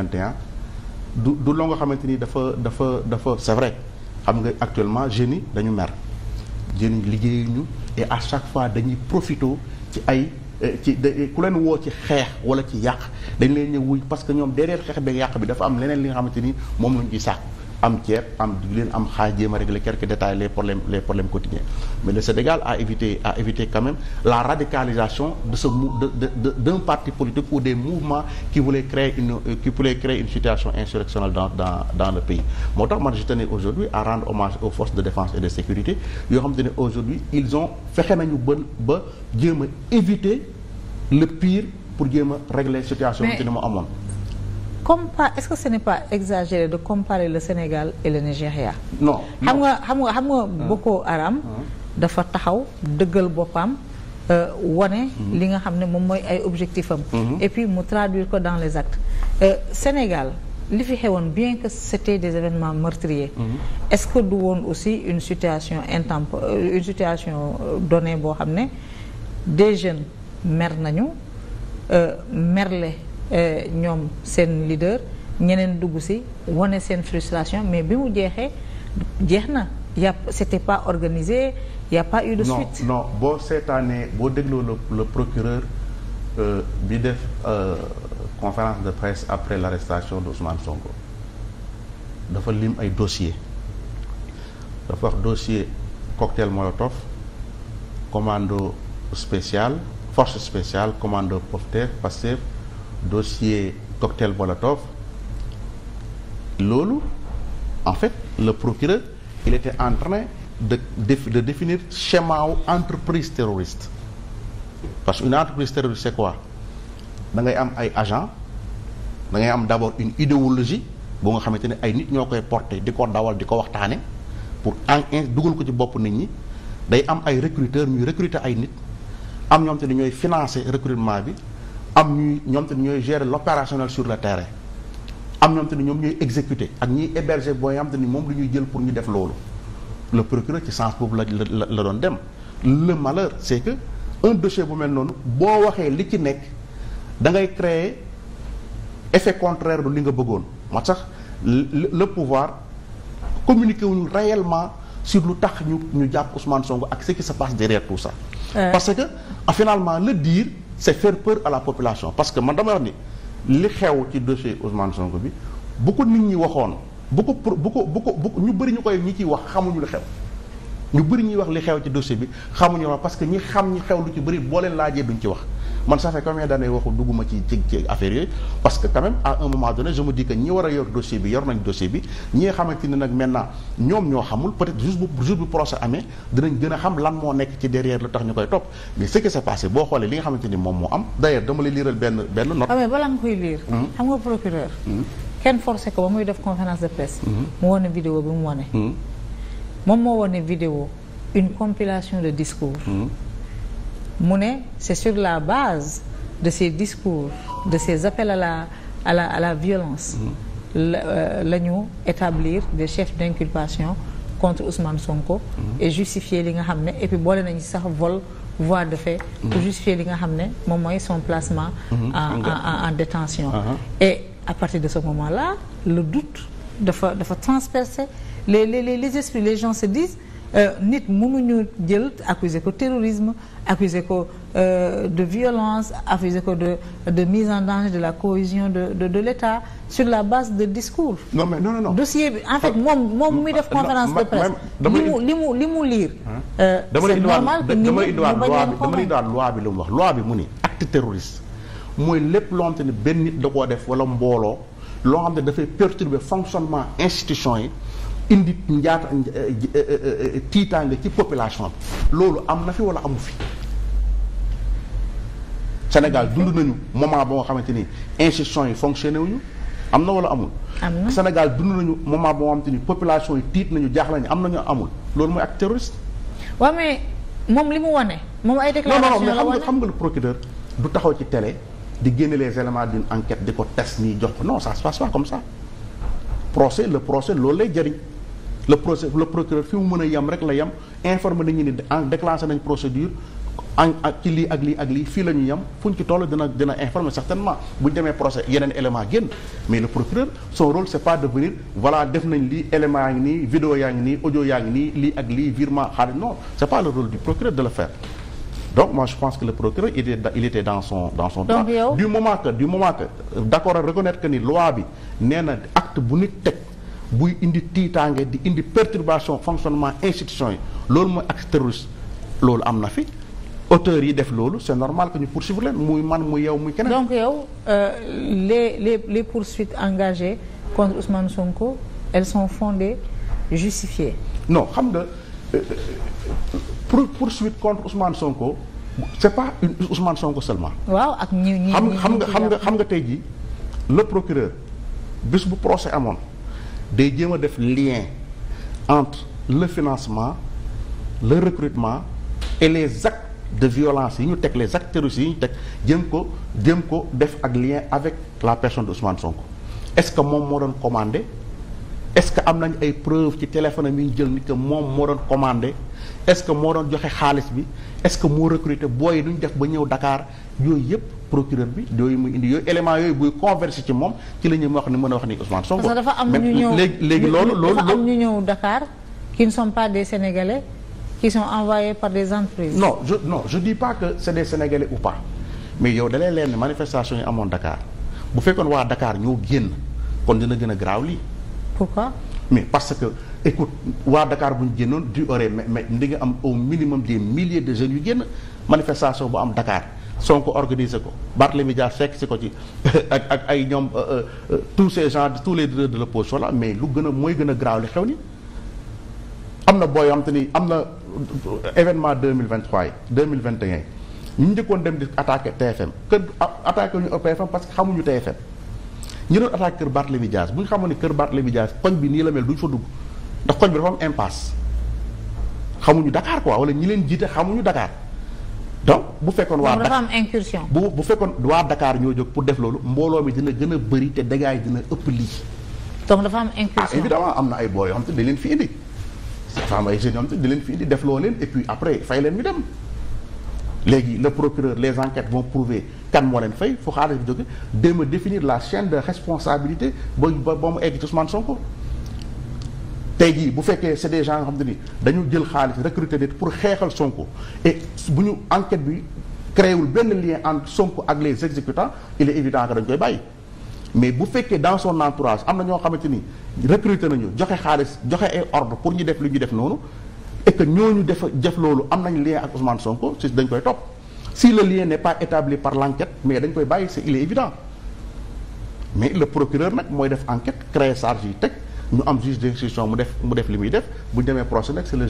2021 du du loo nga xamante ni dafa dafa dafa c'est xam nga actuellement jeunes yi dañu mer jeunes yi liggéeyuñu et à chaque fois dañuy profité ci ay eh, ci eh, ku leen woo ci xeex wala ci yàq dañ leen ñëw wuy parce que ñoom derrière xeex beeg yàq bi dafa am leneen li nga xamante ni moom lañ ciy sàkku am ceeb am diwlin am xaaj jéem a régler quelques détails les problèmes les problèmes quotidiens mais le Sénégal a évité a évité quand même la radicalisation de ce de de d'un parti politique ou des mouvements qui voulaient créer une euh, qui voulaient créer une situation insurrectionnelle dans dans dans le pays moo tax man je tenais aujourd'hui à rendre hommage aux forces de défense et de sécurité yoo xam te ne aujourd'hui ils ont fexe nañu ba ba jéem a éviter le pour jéem a régler situation bi te ne amoon compa est-ce que ce n'est pas exagéré de comparer le Sénégal et le Nigéria. xam nga xam nga xam nga ah. Boko Haram. Ah. dafa taxaw dëggal boppam. Euh, wane mhm. li nga xam ne moom mooy ay objectif am. Mhm. et puis mu traduire ko dans les actes. Euh, Sénégal li fi xewoon bien que c'était des événements meurtriers. Mhm. est-ce que du woon aussi une situation intemp euh, une situation donnée boo xam ne des jeunes mer nañu merle. Eh, ñoom seen leader ñeneen dugg si wane seen frustration mais bi mu jeexee jeex na yàpp c'était pas organisé y a pas eu de suite non non boo seetaanee boo dégloo le procureur euh, bi def euh, conférence de presse après l'arrestation d'Ousmane Sonko dafa lim ay dossier dafa wax dossier cocktail Molotov commando spécial force spéciale commando Pofter Pastef dossier cocktail Molotov loolu en fait le procureur il était en de de définir schéma wu entreprise terroriste parce que une entreprise terroriste c'est quoi da ngay am ay agent da ngay am d'abord une idéologie boo nga xamante ne ay nit ñoo koy porter di ko dawal di ko waxtaane pour en dugal ko ci bopp nit ñi day am ay recruteurs ñuy recruter ay nit am ñoom te ne ñooy financer recrutement bi am ñuy ñoom te ñooy gérer l' opérationnel sur le terrain am ñoom ni ñoom ñooy exécuter ak ñii héberger booy am te ni moom la ñuy jël pour ñu def loolu le procureur ci sens boobu la la la doon dem le malheur c' est que un dossier bu mel noonu boo waxee li ci nekk da ngay créer effet contraire du li nga bëggoon moo tax le pouvoir communiqué wu ñu réellement sur lu tax ñu ñu jàpp Ousmane Sonko ak ce qui se passe derrière tout ça. Euh. parce que finalement le dire. c'est faire peur à la population parce que man dama wax ni li xew ci dossier Ousmane Sonko bi bu ko nit ñi waxoon bu ko pour bu ko bu ko bu ñu bëri ñu koy ñi ciy wax xamuñu li xew ñu bëri ñuy wax li xew ci dossier bi xamuñu wax parce que ñi xam ñi xew lu ci bëri boo leen laajee duñ ci wax man ça fait combien d'années waxu dugguma ci ci affaire yooyu parce que quand même à un moment donné je me dis war a yor dossier bi yor nañ dossier bi ñi nga ni nag maintenant ñoom ñoo xamul peut être juste bu jour bu procès amee dinañ gën a xam lan moo nekk ci derrière la tax ñu koy topp mais ce qui s'est passé boo xoolee li nga xamante ni moom moo am d'ailleurs dama lay liiral benn benn note ah mais balaa nga koy liir hmm? xam nga procureur hmm? kenn forcé ko ba muy def conférence de presse hmm? mu wane vidéo bi mu wane moom moo wane mu ne c'est sur la base de ces discours de ces appels à la à la à la violence mm-hmm. la euh, la ñu établir des chefs d'inculpation contre Ousmane Sonko mm-hmm. et justifier li nga xam ne et puis boole nañu sax vol voie de fait pour mm-hmm. justifier li nga xam ne moom mooy son placement en en en détention uh-huh. et à partir de ce moment-là le doute dafa dafa transpercer les les les esprits les gens se disent Euh, nit mënuñu jël accuser ko terrorisme accuser ko euh, de violence accuser ko de de mise en danger de la cohésion de de de l'État sur la base de discours. non mais non non non dossier bi en fait moom moom muy def ah, conférence de presse. li mu liir. Euh, c'est normal que ni mu bañ a dama lay indiwaat loi bi lu mu wax loi bi mu ni acte terroriste mooy lépp loo xam te ne benn nit da koo def wala mbooloo loo xam ne dafay perturber fonctionnement institution yi. indi njaata eh, eh, eh, tiitaange ci population bi loolu am na fi wala amu fi Sénégal dund nañu moment boo xamante ni institutions yi fonctionné wuñu am na wala amul. am na Sénégal dund nañu moment boo xamante ni population yi tiit nañu jaaxle nañu am nañu amul loolu mooy ak terroriste. waa mais moom li mu wane. moom ay déclaration la wane xam nga xam nga le procureur du taxaw ci télé di génne les éléments d'une enquête di ko test nii jox ko non ça se passe pas comme ça procès le procès loolu lay jëriñ. le procès le procureur fi mu mën a yem rek la yem informé nañu ni en déclenché nañ procédure en ak ci lii ak lii ak lii fii la ñu yem fu ñu ci toll dina dina informer certainement bu ñu demee procès yeneen élément génn mais le procureur son rôle c'est pas de venir voilà def nañ lii élément yaa ngi nii vidéo yaa ngi nii audio yaa ngi nii lii ak lii virement xaalis non c'est pas le rôle du procureur de le faire donc moi je pense que le procureur il était dans bi nee na acte bu nit buy indi tiitaange di indi perturbation fonctionnement institution yi loolu mooy acte terroriste loolu am na fi auteurs yi def loolu c'est normal que ñu poursuivre leen muy man muy yow muy keneen. donc yow euh, les les les poursuites engagées contre Ousmane Sonko elles sont fondées justifiées. non xam nga euh, pour poursuite contre Ousmane Sonko c'est pas une Ousmane Sonko seulement. waaw ak ñi ñi xam nga xam nga xam nga tey gi le procureur bis bu procès amoon. day jéem a def lien entre le financement le recrutement et les actes de violence yi ñu teg les actes terroristes yi ñu teg jëm ko jëm ko def ak lien avec la personne de Ousmane Sonko est-ce que moom moo doon commandé est-ce que am nañ ay preuves ci téléphone am ñu jël nit que moom moo doon commander est-ce que moo doon joxe xaalis bi est-ce que moo recruté booy yi duñ def ba ñëw dakaar yooyu yëpp. procureur bi yooyu muy indi yooyu élément yooyu buy conversé ci moom ci la ñuy wax ni mën a wax ni Ousmane parce que dafa am ñu ñëw léegi léegi loolu loolu dafa am ñu ñëw Dakar pas des Sénégalais qui sont envoyés par des entreprises. non je non je dis pas que c'est des Sénégalais ou pas mais yow dalee leen ne manifestation yi amoon Dakar bu fekkoon waa Dakar ñoo génn kon dina gën a garaaw lii. pourquoi mais parce que. écoute waa dakaar bu ñu génnoon du aurait mais mais di nga am au minimum des millier de jeunes yu génn manifestation bu am Dakar Sonko organisé ko Barthélémy Dias fekk si ko ci ak ak ay ñoom euh, euh, euh, tous ces gens tous les leaders de l'opposition là mais lu gën a mooy gën a graaw li xew ni am na booy xam te ni am na événement 2023 yi 2021 yi ñu njëkkoon dem di attaqué TFM kër attaqué ñu TFM parce que xamuñu TFM ñu doon attaqué kër Barthélémy Dias bu ñu xamoon ne kër Barthélémy Dias koñ bi nii la mel dugg ndax koñ bi dafa am impasse xamuñu Dakar quoi wala ñi leen jiite xamuñu dakaar donc bu fekkoon waa dafa am incursion bu bu fekkoon waa Dakar ñoo jóg pour def loolu mbooloo mi dina gën a bëri te dégâts yi dina ëpp lii donc dafa am incursion ah évidemment am na ay boo yoo leen fi indi dafa am ay jeunes yoo leen fi indi def loo leen et puis après fay leen ñu dem léegi le procureur les enquêtes vont prouver kan moo leen fay fu xaalis bi jóge déma définir la chaîne de responsabilité ba ba mu egg ci Ousmane Sonko tey jii bu fekkee c'est des gens yoo xam te ni dañu jël xaalis recruter nit pour xeexal Sonko et bu ñu enquête bi créewul benn lien entre Sonko ak les exécutants il est évident que dañ koy bàyyi mais bu fekkee dans son entourage am na ñoo xamante ni recruter nañu joxe xaalis joxe ay ordre pour ñu def lu ñu def noonu et que ñu def def loolu am nañ lien ak osman Sonko si dañ koy topp si le lien n'est pas établi par l'enquête mais dañ koy bàyyi c'est il est évident mais le procureur nag mooy def enquête créer charge yi teg ñu am juge d'instruction mu def mu def li muy def bu ñu demee procès nag c'est le